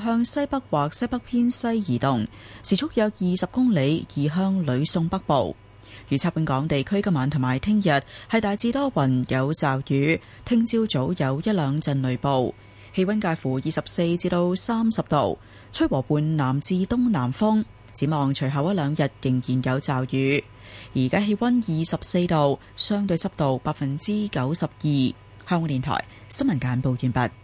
向西北或西北偏西移動，時速約二十公里，移向呂宋北部。預測本港地區今晚同埋聽日係大致多雲有驟雨，聽朝早有一兩陣雷暴。氣溫介乎二十四至到三十度，吹和緩南至東南風。展望隨後一兩日仍然有驟雨。而家氣溫二十四度，相對濕度百分之九十二。香港電台新聞簡報完畢。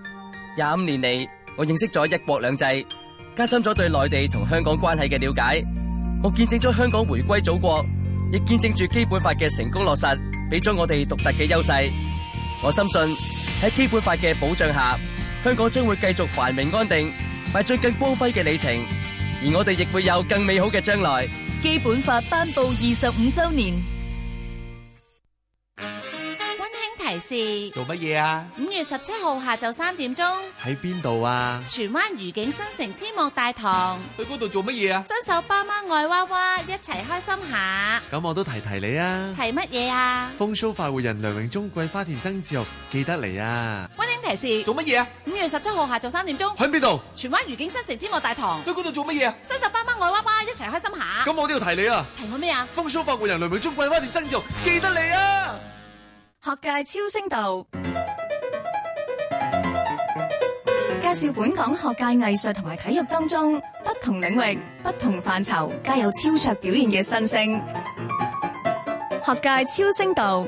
廿五年嚟，我認識咗一國兩制，加深咗對內地同香港關係嘅了解。我見證咗香港回歸祖國，亦見證住基本法嘅成功落實，俾咗我哋獨特嘅優勢。我深信喺基本法嘅保障下，香港將會繼續繁榮安定，邁進更光輝嘅里程，而我哋亦會有更美好嘅將來。基本法頒布二十五周年。提示做乜嘢啊？五月十七號下晝三點鐘喺邊度啊？荃灣愉景新城天幕大堂 去嗰度做乜嘢啊？新手爸媽愛娃娃，娃一齊開心下。咁我都提提你啊。提乜嘢啊？風騷快活人梁榮忠、貴花田、曾志豪記得你啊！溫馨提示做乜嘢啊？五月十七號下晝三點鐘喺邊度？荃灣愉景新城天幕大堂，去嗰度做乜嘢啊？新手爸媽愛娃娃，娃一齊開心下。咁我都要提，提你啊。提我咩啊？風騷快活人梁榮忠、貴花田、曾志豪記得你啊！學界超聲道介紹本港學界藝術同埋體育當中不同領域不同範疇皆有超卓表現嘅新星學界超聲道,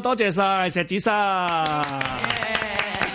多謝曬石芷珊，咁咧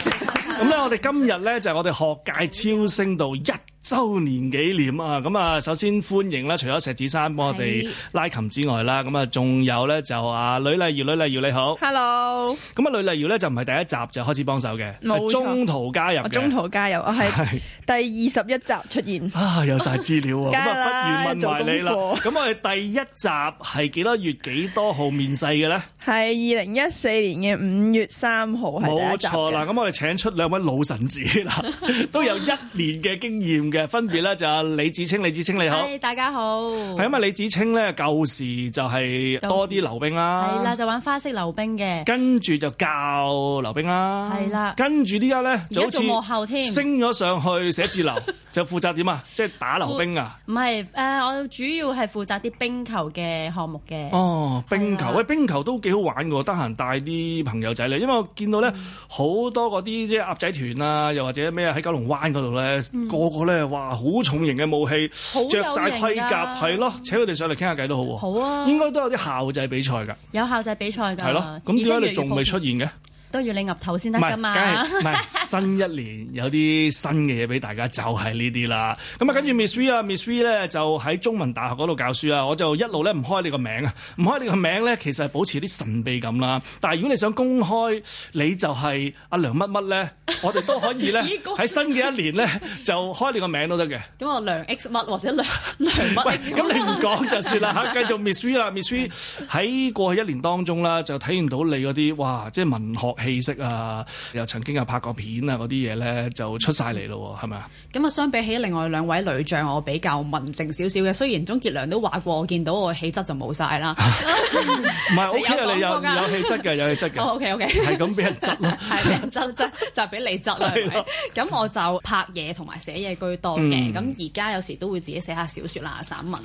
Yeah, 我哋今日咧就係我哋學界超星度一周年紀念啊！咁啊，首先歡迎啦，除咗石芷珊幫我哋拉琴之外啦，咁啊，仲有咧就啊，呂麗瑤，呂麗瑤你好，hello。咁啊，呂麗瑤咧就唔係第一集就開始幫手嘅，冇中途加入嘅，中途加入，我係第二十一集出現。啊，有晒資料喎，咁啊，不如問埋你啦。咁我哋第一集係幾多月幾多號面世嘅咧？係二零一四年嘅五月三號，冇錯啦。咁我哋請出兩位老臣子啦，都有一年嘅經驗。嘅分別咧就係李芷菁，李芷菁你好，係大家好，係因為李芷菁咧，舊時就係多啲溜冰啦，係啦，就玩花式溜冰嘅，跟住就教溜冰啦，係啦，跟住呢家咧，而家做幕後添，升咗上去寫字樓就負責點啊？即係打溜冰啊，唔係誒，我主要係負責啲冰球嘅項目嘅，哦，冰球喂，冰球都幾好玩嘅喎，得閒帶啲朋友仔嚟，因為我見到咧好多嗰啲即係鴨仔團啊，又或者咩喺九龍灣嗰度咧，個個咧。哇！好重型嘅武器，着晒盔甲，係咯，錯請佢哋上嚟傾下偈都好喎。好啊，應該都有啲校際比賽㗎。有校際比賽㗎。係咯，咁點解你仲未出現嘅？都要你岌頭先得噶嘛！梗係新一年有啲新嘅嘢俾大家，就係呢啲啦。咁啊，跟住 Miss V 啊，Miss V 咧就喺中文大學嗰度教書啊。我就一路咧唔開你個名啊，唔開你個名咧，其實係保持啲神秘感啦。但係如果你想公開，你就係阿梁乜乜咧，我哋都可以咧喺新嘅一年咧就開你個名都得嘅。咁啊，梁 X 乜或者梁梁乜？喂，咁你唔講就算啦嚇。繼續 Miss V 啦，Miss V 喺過去一年當中咧，就體驗到你嗰啲哇，即係文學。氣息啊，又曾經又拍過片啊，嗰啲嘢咧就出晒嚟咯，係咪啊？咁啊，相比起另外兩位女將，我比較文靜少少嘅。雖然鍾傑良都話過，我見到我氣質就冇晒啦。唔係，O.K. 你有有氣質嘅，有氣質嘅。O.K.O.K. 係咁俾人執咯，係咁執執就係俾你執啦，係咪？咁我就拍嘢同埋寫嘢居多嘅。咁而家有時都會自己寫下小説啦、散文，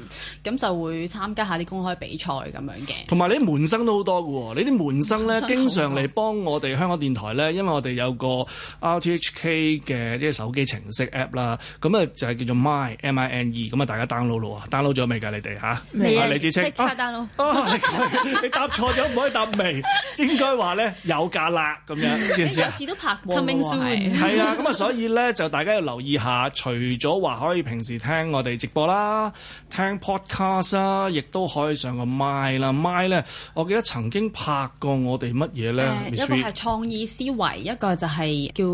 咁就會參加下啲公開比賽咁樣嘅。同埋你啲門生都好多嘅喎，你啲門生咧經常嚟幫我哋。香港電台咧，因為我哋有個 R T H K 嘅啲手機程式 app 啦，咁、嗯、啊就係、是、叫做 My M I N E，咁、e, 啊大家 download 咯啊，download 咗未㗎？你哋嚇、啊？未啊。李芷菁，你 download？、啊啊啊、你答錯咗，唔可以答未。應該話咧有架啦咁樣，知唔知啊？電視都拍過㗎，係啊。咁啊，啊，所以咧就大家要留意下，除咗話可以平時聽我哋直播啦，聽 podcast 啦，亦都可以上個 My 啦。My 咧、啊啊，我記得曾經拍過我哋乜嘢咧？Miss 創意思維，一個就係叫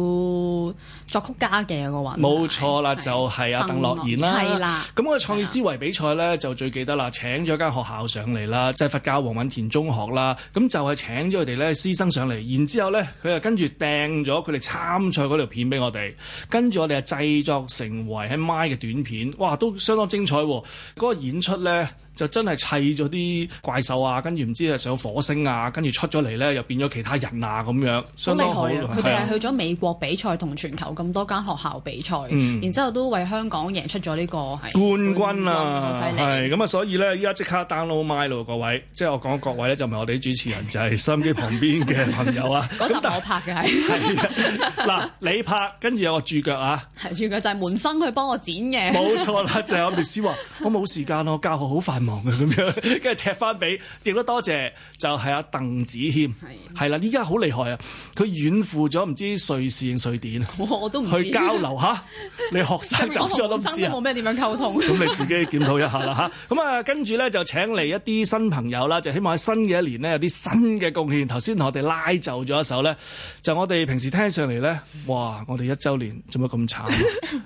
作曲家嘅一個環，冇錯啦，是就係阿、啊、是鄧樂然啦。係啦，咁個創意思維比賽咧就最記得啦，請咗間學校上嚟啦，即、就、係、是、佛教黃允田中學啦。咁就係請咗佢哋咧師生上嚟，然之後咧佢就跟住掟咗佢哋參賽嗰條片俾我哋，跟住我哋啊製作成為喺 My 嘅短片，哇，都相當精彩喎、啊！嗰、那個演出咧。就真係砌咗啲怪獸啊，跟住唔知啊上火星啊，跟住出咗嚟咧又變咗其他人啊咁樣，佢哋係去咗美國比賽，同全球咁多間學校比賽，嗯、然之後都為香港贏出咗呢、呢個冠軍啊，係咁啊！所以咧依家即刻 download 埋咯，各位，即係我講各位咧就唔係我哋啲主持人， 就係收音機旁邊嘅朋友啊。嗰 集我拍嘅係，嗱你拍，跟住有個住腳啊，住腳就係門生去幫我剪嘅，冇 錯啦，就係、是、我 Miss 話我冇時間，我教學好煩。咁樣，跟住 踢翻俾，亦都多謝，就係阿鄧子謙，係啦的，依家好厲害啊！佢遠赴咗唔知瑞士定瑞典，我都唔知 去交流嚇。你學生走咗都唔知冇咩點樣溝通。咁 你自己檢討一下啦嚇。咁、嗯、啊，跟住咧就請嚟一啲新朋友啦，就希望喺新嘅一年咧有啲新嘅貢獻。頭先同我哋拉就咗一首咧，就我哋平時聽上嚟咧，哇！我哋一週年做乜咁慘？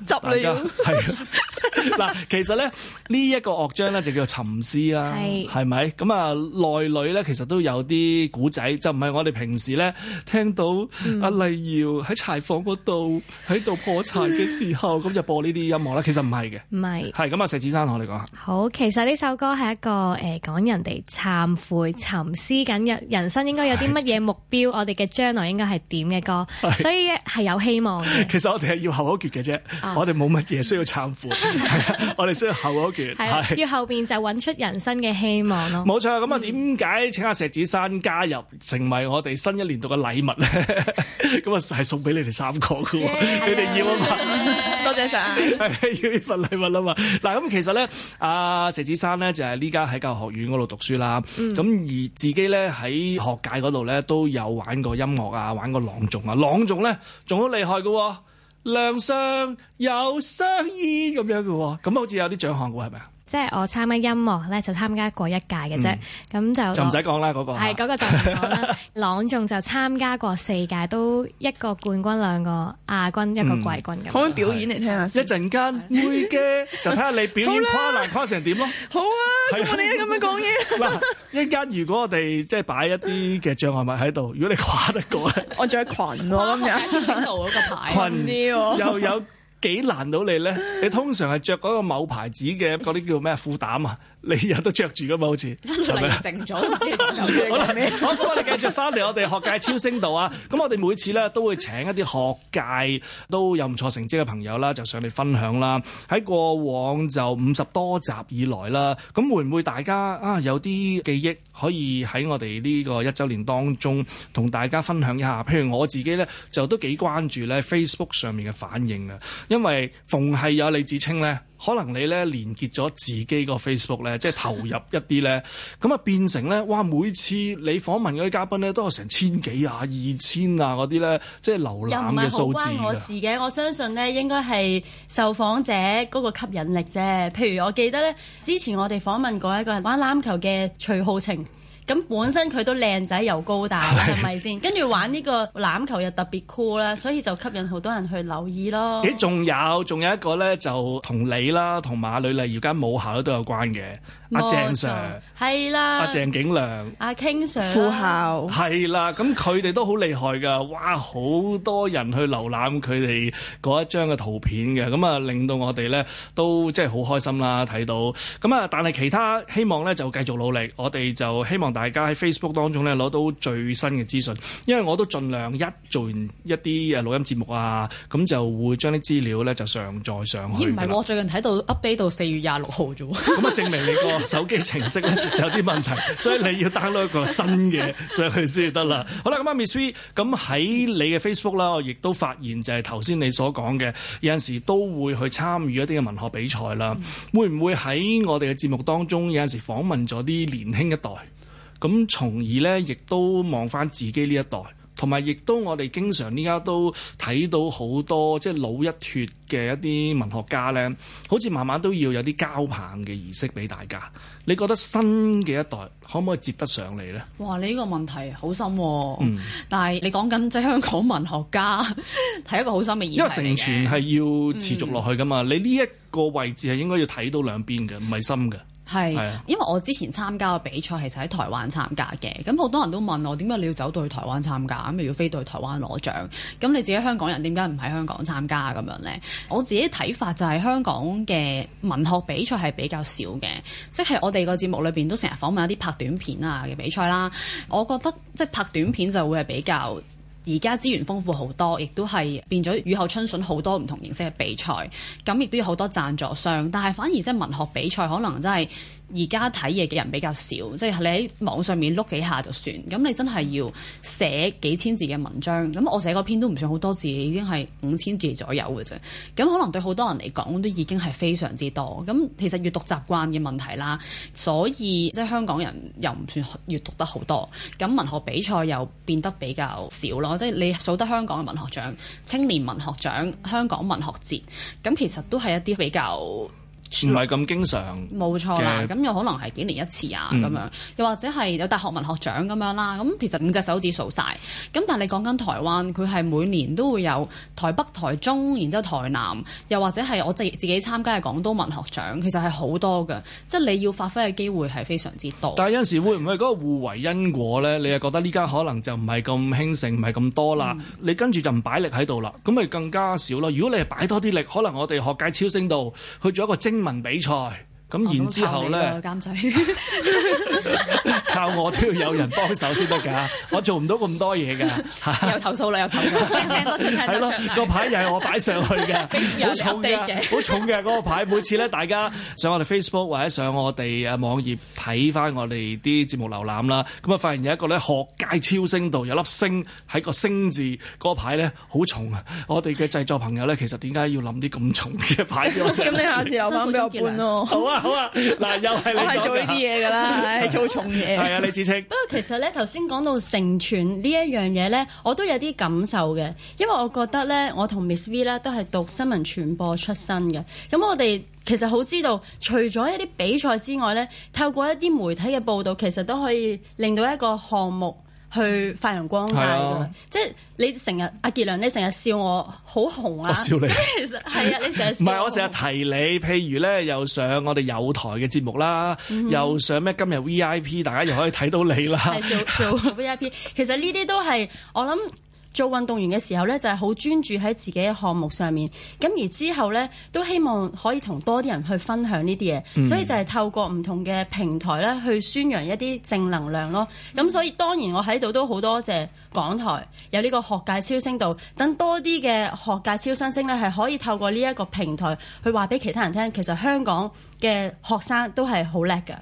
執你係啊！ 嗱， 其實咧呢一個樂章咧就叫做沉思啦，係咪？咁啊是內裏咧其實都有啲古仔，就唔係我哋平時咧聽到阿、啊、麗瑤喺柴房嗰度喺度破柴嘅時候咁就 播呢啲音樂啦。其實唔係嘅，唔係係咁啊，石芷珊同我哋講下。好，其實呢首歌係一個誒、呃、講人哋懺悔沉思緊人生應該有啲乜嘢目標，的我哋嘅將來應該係點嘅歌，的所以係有希望。其實我哋係要後一決嘅啫，啊、我哋冇乜嘢需要懺悔。 我哋需要後一拳，係要 後邊就揾出人生嘅希望咯。冇錯，咁啊，點解請阿石芷珊加入成為我哋新一年度嘅禮物咧？咁啊，係送俾你哋三個噶，yeah, 你哋要啊嘛？多謝晒，係要呢份禮物啊嘛。嗱，咁其實咧，阿、呃、石芷珊咧就係呢家喺教育學院嗰度讀書啦。咁、mm. 而自己咧喺學界嗰度咧都有玩過音樂啊，玩過朗誦啊，朗誦咧仲好厲害噶。梁上有相依咁樣嘅咁、哦、好似有啲獎項噶，係咪啊？即係我參加音樂咧，就參加過一屆嘅啫。咁就就唔使講啦，嗰個係嗰個就唔講啦。朗誦就參加過四屆，都一個冠軍，兩個亞軍，一個季軍咁。講表演嚟聽下。一陣間，會嘅就睇下你表演跨欄跨成點咯。好啊，咁我哋咁樣講嘢。一間如果我哋即係擺一啲嘅障礙物喺度，如果你跨得過咧，我著裙咯，咁樣度嗰個牌，裙又有。幾難到你咧？你通常係着嗰個某牌子嘅嗰啲叫咩褲膽啊？你日都着住噶嘛？好似，靜咗先。好，咁我哋繼續翻嚟我哋學界超聲度啊。咁、嗯、我哋每次咧都會請一啲學界都有唔錯成績嘅朋友啦，就上嚟分享啦。喺過往就五十多集以來啦，咁會唔會大家啊有啲記憶可以喺我哋呢個一週年當中同大家分享一下？譬如我自己咧就都幾關注咧 Facebook 上面嘅反應啊，因為逢係有李芷菁咧。可能你咧連結咗自己個 Facebook 咧，即係投入一啲咧，咁啊 變成咧，哇！每次你訪問嗰啲嘉賓咧，都有成千幾啊、二千啊嗰啲咧，即係瀏覽嘅數字。又唔係好關我事嘅，我相信咧應該係受訪者嗰個吸引力啫。譬如我記得咧，之前我哋訪問過一個人玩籃球嘅徐浩晴。咁本身佢都靚仔又高大，係咪先？跟住玩呢個籃球又特別 cool 啦，所以就吸引好多人去留意咯。咦？仲有，仲有一個咧，就同你啦，同馬女，麗而家母校都有關嘅。阿鄭 Sir 係啦，阿鄭景良阿傾 Sir，副校係啦。咁佢哋都好厲害噶，哇！好多人去瀏覽佢哋嗰一張嘅圖片嘅，咁啊令到我哋咧都即係好開心啦，睇到。咁啊，但係其他希望咧就繼續努力，我哋就希望大家喺 Facebook 當中咧攞到最新嘅資訊，因為我都盡量一做完一啲誒錄音節目啊，咁就會將啲資料咧就上載上去。咦，唔係我最近睇到 update 到四月廿六號啫喎，咁啊，證明你個手機程式咧就有啲問題，所以你要 download 一個新嘅上去先得啦。 好啦，咁啊，Ms V，咁喺你嘅 Facebook 啦，我亦都發現就係頭先你所講嘅，有陣時都會去參與一啲嘅文學比賽啦。嗯、會唔會喺我哋嘅節目當中有陣時訪問咗啲年輕一代？咁從而咧，亦都望翻自己呢一代，同埋亦都我哋經常依家都睇到好多即係老一脱嘅一啲文學家咧，好似慢慢都要有啲交棒嘅儀式俾大家。你覺得新嘅一代可唔可以接得上嚟咧？哇！你呢個問題好深、啊，嗯，但係你講緊即係香港文學家係 一個好深嘅議題，因為成全係要持續落去噶嘛。嗯、你呢一個位置係應該要睇到兩邊嘅，唔係深嘅。係，因為我之前參加嘅比賽其實喺台灣參加嘅，咁好多人都問我點解你要走到去台灣參加，咁又要飛到去台灣攞獎，咁你自己香港人點解唔喺香港參加咁樣呢？我自己睇法就係香港嘅文學比賽係比較少嘅，即係我哋個節目裏邊都成日訪問一啲拍短片啊嘅比賽啦，我覺得即係拍短片就會係比較。而家資源豐富好多，亦都係變咗雨後春筍，好多唔同形式嘅比賽，咁亦都有好多贊助商，但係反而即係文學比賽可能真係。而家睇嘢嘅人比較少，即係你喺網上面碌幾下就算。咁你真係要寫幾千字嘅文章，咁我寫嗰篇都唔算好多字，已經係五千字左右嘅啫。咁可能對好多人嚟講都已經係非常之多。咁其實閱讀習慣嘅問題啦，所以即係香港人又唔算閱讀得好多。咁文學比賽又變得比較少咯，即係你數得香港嘅文學獎、青年文學獎、香港文學節，咁其實都係一啲比較。唔係咁經常，冇錯啦。咁又可能係幾年一次啊，咁樣，又或者係有大學文學獎咁樣啦。咁其實五隻手指數晒。咁但係你講緊台灣，佢係每年都會有台北、台中，然之後台南，又或者係我自自己參加嘅廣東文學獎，其實係好多嘅。即係你要發揮嘅機會係非常之多。但係有時會唔會嗰個互為因果咧？你又覺得呢家可能就唔係咁興盛，唔係咁多啦。嗯、你跟住就唔擺力喺度啦，咁咪更加少咯。如果你係擺多啲力，可能我哋學界超聲到去做一個精。文比賽咁，然之後咧。靠我都要有人幫手先得㗎， 我做唔到咁多嘢㗎。 有投訴啦，有投訴。係咯 啊嗰個牌又係我擺上去嘅，好有重嘅，好 重嘅嗰、那個牌。每次咧，大家上我哋 Facebook 或者上我哋誒網頁睇翻我哋啲節目瀏覽啦，咁啊發現有一個咧學界超新星度有粒星喺個星字嗰、那個牌咧好重啊！我哋嘅製作朋友咧，其實點解要諗啲咁重嘅牌俾我咁 你下次又翻俾我搬咯。好啊，好啊，嗱又係你做。我係做呢啲嘢㗎啦，做重嘢。 係啊，李芷菁。不過其實咧，頭先講到成全呢一樣嘢咧，我都有啲感受嘅，因為我覺得咧，我同 Miss V 咧都係讀新聞傳播出身嘅。咁我哋其實好知道，除咗一啲比賽之外咧，透過一啲媒體嘅報導，其實都可以令到一個項目去發揚光大、啊、即係你成日阿傑良，你成日笑我好紅啊！我笑你其實係啊，你成日唔係我成日提你，譬如咧又上我哋有台嘅節目啦，又上咩今日 V I P，大家又可以睇到你啦。 做做 V I P，其實呢啲都係我諗。做運動員嘅時候呢，就係、是、好專注喺自己嘅項目上面。咁而之後呢，都希望可以同多啲人去分享呢啲嘢，嗯、所以就係透過唔同嘅平台咧，去宣揚一啲正能量咯。咁、嗯、所以當然我喺度都好多謝港台有呢個學界超聲道，等多啲嘅學界超新星呢，係可以透過呢一個平台去話俾其他人聽，其實香港嘅學生都係好叻嘅。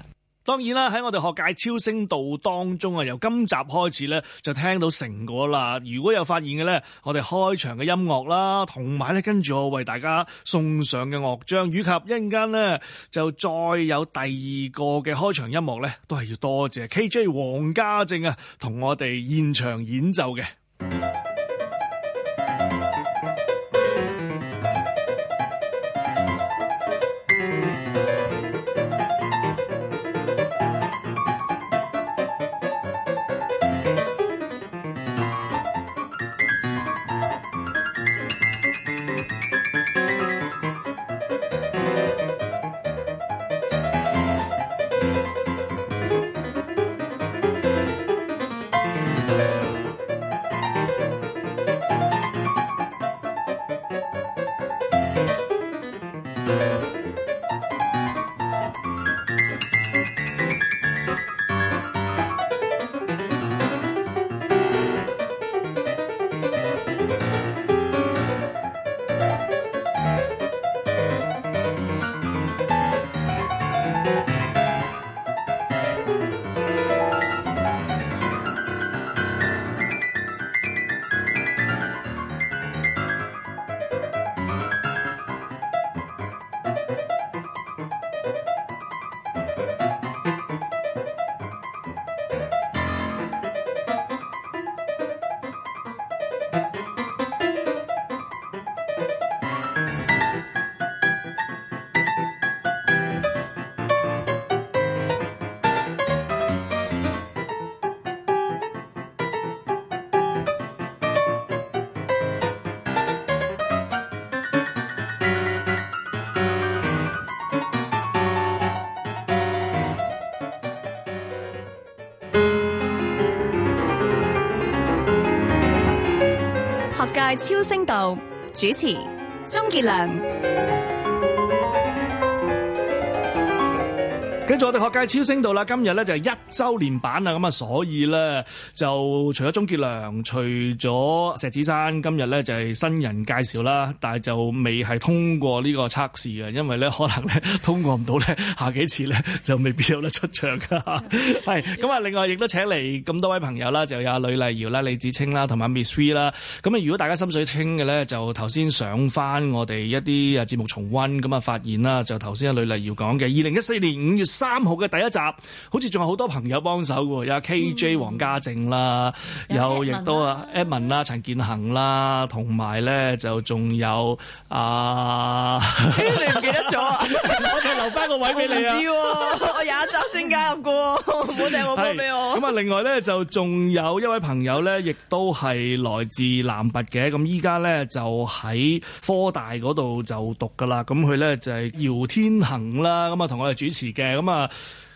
當然啦，喺我哋學界超聲道當中啊，由今集開始呢，就聽到成果啦。如果有發現嘅呢，我哋開場嘅音樂啦，同埋呢，跟住我為大家送上嘅樂章，以及一陣間呢，就再有第二個嘅開場音樂呢，都係要多謝 KJ 黃家正啊，同我哋現場演奏嘅。界超聲道主持鍾傑良。跟住我哋學界超聲到啦，今日咧就係一周年版啊，咁啊所以咧就除咗鍾傑良，除咗石芷珊，今日咧就係新人介紹啦，但係就未係通過呢個測試啊，因為咧可能咧通過唔到咧，下幾次咧就未必有得出場噶。係咁啊，另外亦都請嚟咁多位朋友啦，就有阿呂麗瑤啦、李芷菁啦、同埋 Ms V 啦。咁啊，如果大家心水清嘅咧，就頭先上翻我哋一啲啊節目重温，咁啊發現啦，就頭先阿呂麗瑤講嘅二零一四年五月。三號嘅第一集，好似仲有好多朋友幫手嘅，有 KJ、王家靜啦，嗯、有亦有都啊 Edmond 啦、陳建恒啦，同埋咧就仲有啊，有有啊哎、你唔記得咗 啊，啊？我哋留翻個位俾你啊！我唔知，我有一集先加入嘅，唔好掟我翻俾我。咁啊，另外咧就仲有一位朋友咧，亦都係來自南拔嘅，咁依家咧就喺科大嗰度就讀嘅、就是、啦。咁佢咧就係姚天恒啦，咁啊同我哋主持嘅咁。啊，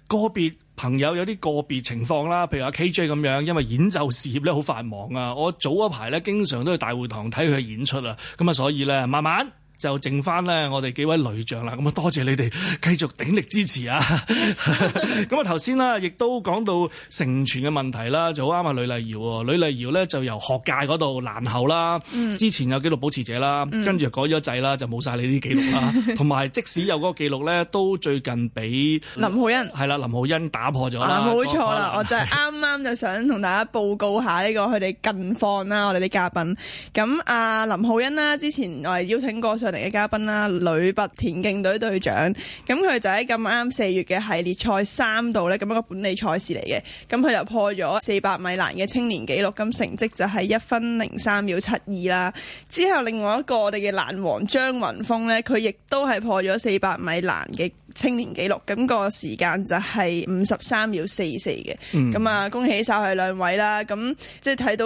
個別朋友有啲個別情況啦，譬如阿 KJ 咁樣，因為演奏事業咧好繁忙啊，我早一排咧經常都去大會堂睇佢嘅演出啊，咁啊所以咧慢慢。就剩翻咧，我哋幾位女將啦，咁啊多謝你哋繼續鼎力支持啊！咁啊頭先啦，亦都講到成全嘅問題啦，就好啱啊！呂麗瑤喎，呂麗瑤咧就由學界嗰度攔後啦，之前有記錄保持者啦，跟住改咗制啦，就冇晒你啲記錄啦。同埋 即使有嗰個記錄咧，都最近俾 林浩欣係啦，林浩欣打破咗啦。冇、啊、錯啦，我就係啱啱就想同大家報告下呢個佢哋近況啦，我哋啲嘉賓。咁啊，林浩欣啦、啊，之前我係邀請過上。嚟嘅嘉賓啦，呂拔田徑隊隊長，咁佢就喺咁啱四月嘅系列賽三度呢，咁一個本地賽事嚟嘅，咁佢就破咗四百米欄嘅青年紀錄，咁成績就係一分零三秒七二啦。之後另外一個我哋嘅欄王張雲峰呢，佢亦都係破咗四百米欄嘅青年紀錄，咁個時間就係五十三秒四四嘅，咁啊、嗯、恭喜晒佢兩位啦！咁即係睇到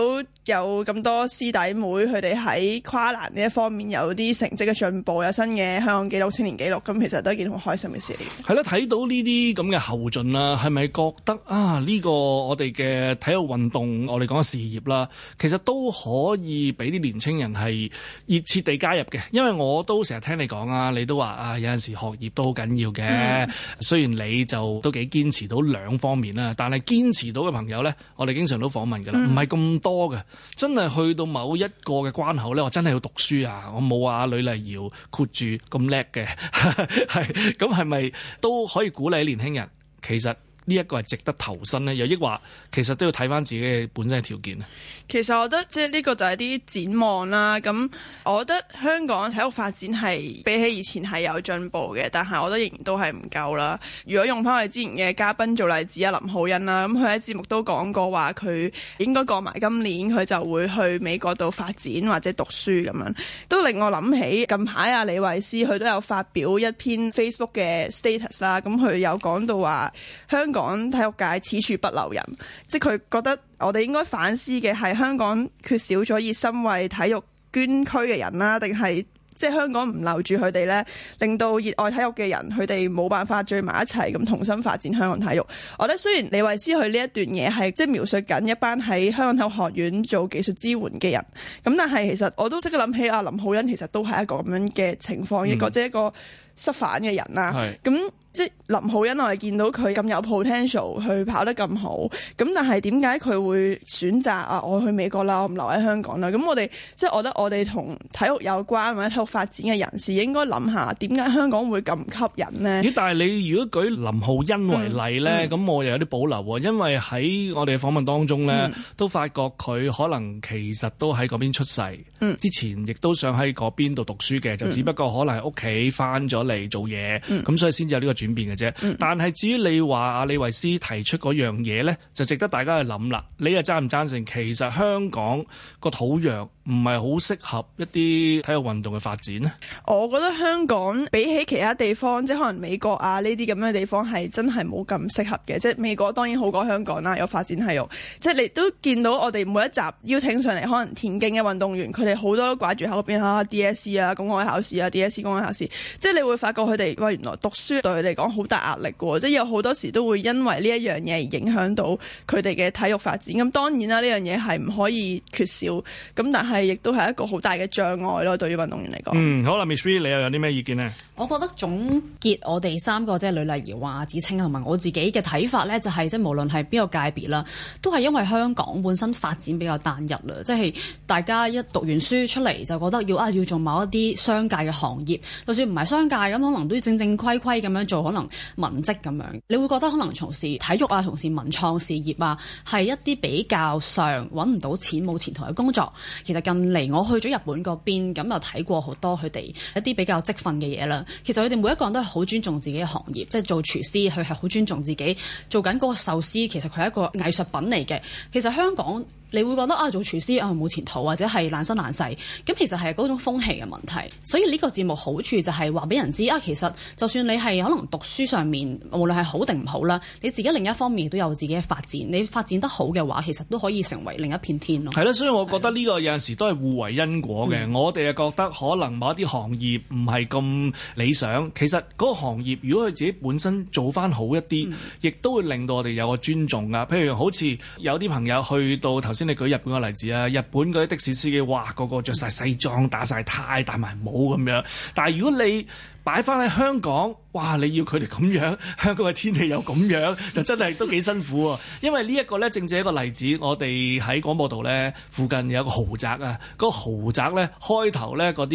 有咁多師弟妹佢哋喺跨欄呢一方面有啲成績嘅進步，有新嘅香港紀錄、青年紀錄，咁其實都係一件好開心嘅事嚟。係啦，睇到呢啲咁嘅後進啦，係咪覺得啊呢個我哋嘅體育運動，我哋講嘅事業啦，其實都可以俾啲年青人係熱切地加入嘅，因為我都成日聽你講啊，你都話啊有陣時學業都好緊要。嘅，嗯、雖然你就都幾堅持到兩方面啦，但係堅持到嘅朋友咧，我哋經常都訪問㗎啦，唔係咁多嘅，真係去到某一個嘅關口咧，我真係要讀書啊！我冇話呂麗瑤括住咁叻嘅，係咁係咪都可以鼓勵年輕人？其實。呢一個係值得投身咧？又抑或其實都要睇翻自己嘅本身嘅條件啊。其實我覺得即係呢個就係啲展望啦。咁我覺得香港體育發展係比起以前係有進步嘅，但係我覺得仍然都係唔夠啦。如果用翻我哋之前嘅嘉賓做例子啊，林浩恩啦，咁佢喺節目都講過話，佢應該過埋今年佢就會去美國度發展或者讀書，咁樣都令我諗起近排啊李慧思佢都有發表一篇 Facebook 嘅 status 啦，咁佢有講到話香港。講體育界此處不留人，即係佢覺得我哋應該反思嘅係香港缺少咗熱心為體育捐軀嘅人啦，定係即係香港唔留住佢哋呢？令到熱愛體育嘅人佢哋冇辦法聚埋一齊咁同心發展香港體育。我覺得雖然李慧詩佢呢一段嘢係即係描述緊一班喺香港體育學院做技術支援嘅人，咁但係其實我都即刻諗起阿林浩欣，其實都係一個咁樣嘅情況，亦或者一個。失反嘅人啦、啊，咁是、嗯、即係林浩欣，我係見到佢咁有 potential，去跑得咁好，咁但係點解佢會選擇啊？我去美國啦，我唔留喺香港啦。咁我哋即係我覺得我哋同體育有關或者體育發展嘅人士，應該諗下點解香港會咁吸引咧？咦？但係你如果舉林浩欣為例咧，咁、嗯嗯、我又有啲保留，因為喺我哋訪問當中咧，嗯、都發覺佢可能其實都喺嗰邊出世，嗯、之前亦都想喺嗰邊度讀書嘅，就只不過可能係屋企翻咗。嗯嗯嗯嚟做嘢，咁所以先至有呢個轉變嘅啫。但係至於你話阿李維斯提出嗰樣嘢咧，就值得大家去諗啦。你又贊唔贊成？其實香港個土壤，唔係好適合一啲體育運動嘅發展咧？我覺得香港比起其他地方，即係可能美國啊呢啲咁嘅地方，係真係冇咁適合嘅。即係美國當然好過香港啦，有發展系育。即係你都見到我哋每一集邀請上嚟，可能田徑嘅運動員，佢哋好多都掛住喺嗰邊考 DSE 啊，DSE，公開考試啊，DSE 公開考試，即係你會發覺佢哋，喂，原來讀書對佢嚟講好大壓力嘅，即係有好多時都會因為呢一樣嘢而影響到佢哋嘅體育發展。咁當然啦，呢樣嘢係唔可以缺少。咁但係。亦都係一個好大嘅障礙咯，對於運動員嚟講。嗯，好啦，Ms V，你又有啲咩意見呢？我覺得總結我哋三個，即係呂麗瑤、芷菁同埋我自己嘅睇法咧、就是，就係即係無論係邊個界別啦，都係因為香港本身發展比較單一啦。即、就、係、是、大家一讀完書出嚟，就覺得要啊要做某一啲商界嘅行業，就算唔係商界咁，可能都要正正規規咁樣做，可能文職咁樣。你會覺得可能從事體育啊，從事文創事業啊，係一啲比較上揾唔到錢、冇前途嘅工作。其實。近嚟我去咗日本嗰邊，咁又睇過好多佢哋一啲比較積分嘅嘢啦。其實佢哋每一個人都係好尊重自己嘅行業，即係做廚師，佢係好尊重自己，做緊嗰個壽司。其實佢係一個藝術品嚟嘅。其實香港。你會覺得啊，做廚師啊，冇前途或者係爛身爛世，咁其實係嗰種風氣嘅問題。所以呢個節目好處就係話俾人知啊，其實就算你係可能讀書上面，無論係好定唔好啦，你自己另一方面都有自己嘅發展。你發展得好嘅話，其實都可以成為另一片天咯。係咯，所以我覺得呢個有陣時都係互為因果嘅。的我哋啊，覺得可能某一啲行業唔係咁理想，其實嗰個行業如果佢自己本身做返好一啲，亦的都會令到我哋有個尊重㗎。譬如好似有啲朋友去到頭先你舉日本個例子啊，日本嗰啲的士司機哇，個個着晒西裝，打晒呔，戴埋帽咁樣。但係如果你擺翻喺香港，哇，你要佢哋咁樣，香港嘅天氣又咁樣，就真係都幾辛苦啊。 因為呢一個咧，正正一個例子，我哋喺廣播道咧，附近有一個豪宅啊，個豪宅咧，開頭咧，嗰啲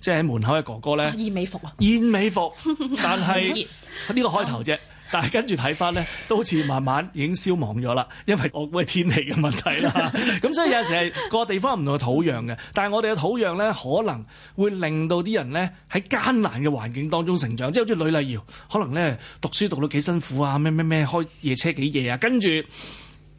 即係喺門口嘅哥哥咧，燕尾服啊，燕尾服，但係呢個開頭啫。 嗯但係跟住睇翻咧，都好似慢慢已經消亡咗啦，因為我估係天氣嘅問題啦。咁 所以有陣時係各個地方唔同嘅土壤嘅，但係我哋嘅土壤咧，可能會令到啲人咧喺艱難嘅環境當中成長，即係好似呂麗瑤，可能咧讀書讀到幾辛苦啊，咩咩咩，開夜車幾夜啊，跟住繼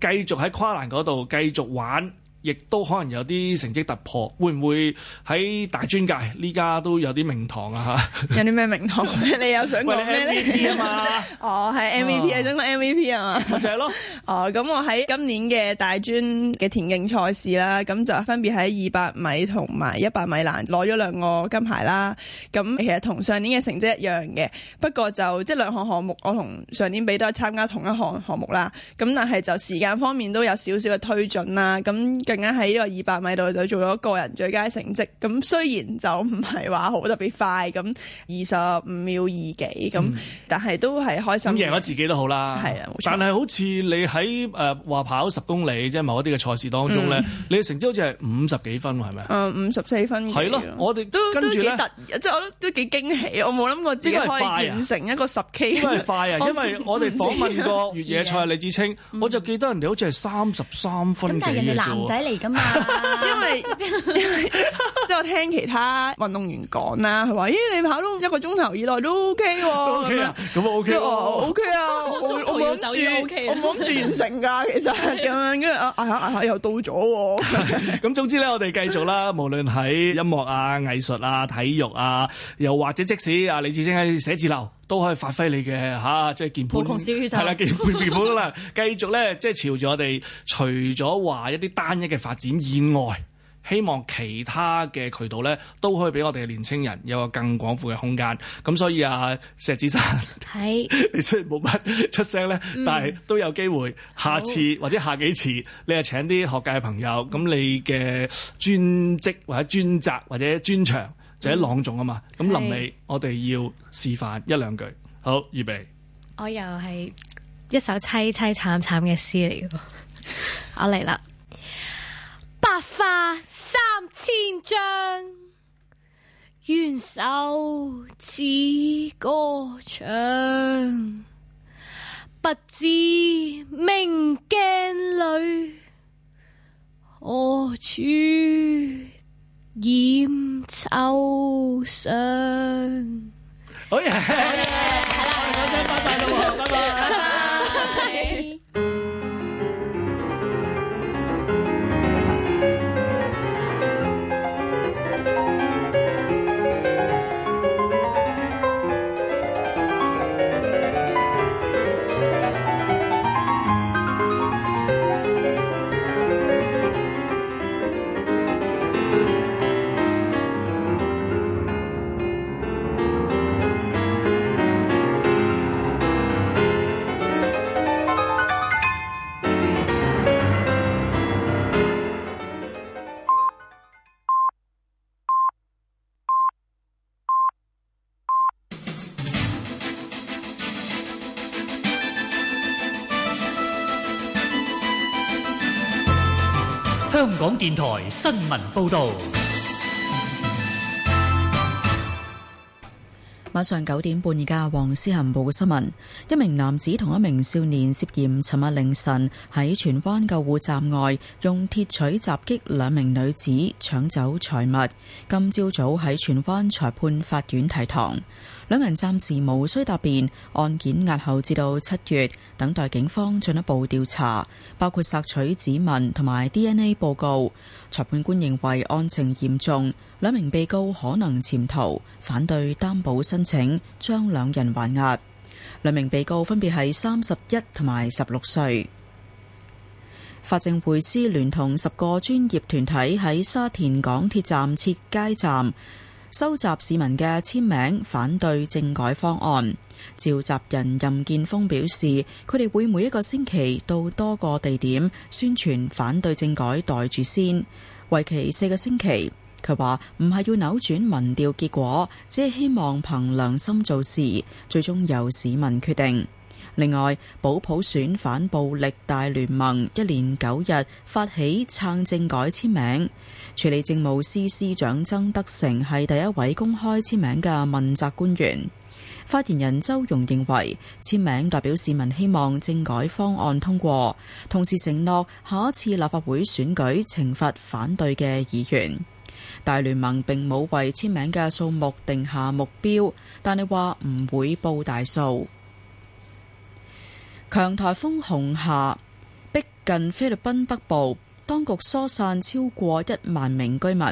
續喺跨欄嗰度繼續玩。亦都可能有啲成績突破，會唔會喺大專界呢家都有啲名堂啊！嚇， 有啲咩名堂？ 你又想講咩咧？ 哦，係 MVP，想講 MVP 啊嘛！就係咯。哦，咁我喺今年嘅大專嘅田徑賽事啦，咁就分別喺二百米同埋一百米欄攞咗兩個金牌啦。咁其實同上年嘅成績一樣嘅，不過就即係兩項項目，我同上年比都係參加同一項項目啦。咁但係就時間方面都有少少嘅推進啦。咁。啱喺呢個二百米度就做咗個人最佳成績，咁雖然就唔係話好特別快，咁二十五秒二幾咁，嗯、但係都係開心。咁贏咗自己都好啦。係啊，但係好似你喺誒話跑十公里，即係某一啲嘅賽事當中咧，嗯、你嘅成績好似係五十幾分，係咪？五十四分。係咯，我哋都跟都幾突，即係我都都幾驚喜，我冇諗過自己可以完成一個十 K。因為快啊，因為我哋訪問過越野賽李志清，嗯嗯、我就記得人哋好似係三十三分嚟噶嘛？因為即係我聽其他運動員講啦，佢話：咦，你跑到一個鐘頭以內都 OK 喎。咁啊 OK 啊 OK 啊，我我冇諗住，我冇諗住完成噶。其實咁樣，跟住啊，捱下捱下又到咗。咁總之咧，我哋繼續啦。無論喺音樂啊、藝術啊、體育啊，又或者即使啊，李芷菁喺寫字樓。都可以發揮你嘅嚇、啊，即係健保，係啦，健保、保險啦，繼續咧，即係朝住我哋除咗話一啲單一嘅發展以外，希望其他嘅渠道咧，都可以俾我哋嘅年青人有個更廣闊嘅空間。咁所以啊，石芷珊，係是 你雖然冇乜出聲咧，嗯、但係都有機會下次好或者下幾次，你係請啲學界嘅朋友，咁你嘅專職或者專責或者專長。嗯、就喺朗誦啊嘛，咁臨尾我哋要示範一兩句，好預備。我又係一首淒淒慘慘嘅詩嚟噶， 我嚟啦了。白髮三千丈，緣手似歌長，不知明鏡裏，何處？染秋霜。好 呀楽，掌聲，拜 拜楽，同學，拜拜。電台新聞報道：晚上九點半，而家黃思恒報嘅新聞，一名男子同一名少年涉嫌尋日凌晨喺荃灣救護站外用鐵錘襲擊,擊兩名女子，搶走財物。今朝早喺荃灣裁判法院提堂。兩人暫時無需答辯，案件押後至到七月，等待警方進一步調查，包括索取指紋同埋 DNA 報告。裁判官認為案情嚴重，兩名被告可能潛逃，反對擔保申請，將兩人還押。兩名被告分別係三十一同埋十六歲。法政匯思聯同十個專業團體喺沙田港鐵站設街站。收集市民嘅簽名反對政改方案，召集人任建峰表示，佢哋會每一個星期到多個地點宣傳反對政改待住先，為期四個星期。佢話唔係要扭轉民調結果，只係希望憑良心做事，最終由市民決定。另外，保普選反暴力大聯盟一連九日發起撐政改簽名，署理政務司司長曾德成係第一位公開簽名嘅問責官員。發言人周融認為簽名代表市民希望政改方案通過，同時承諾下一次立法會選舉懲罰反對嘅議員。大聯盟並冇為簽名嘅數目定下目標，但係話唔會報大數。強颱風紅霞逼近菲律賓北部，當局疏散超過一萬名居民。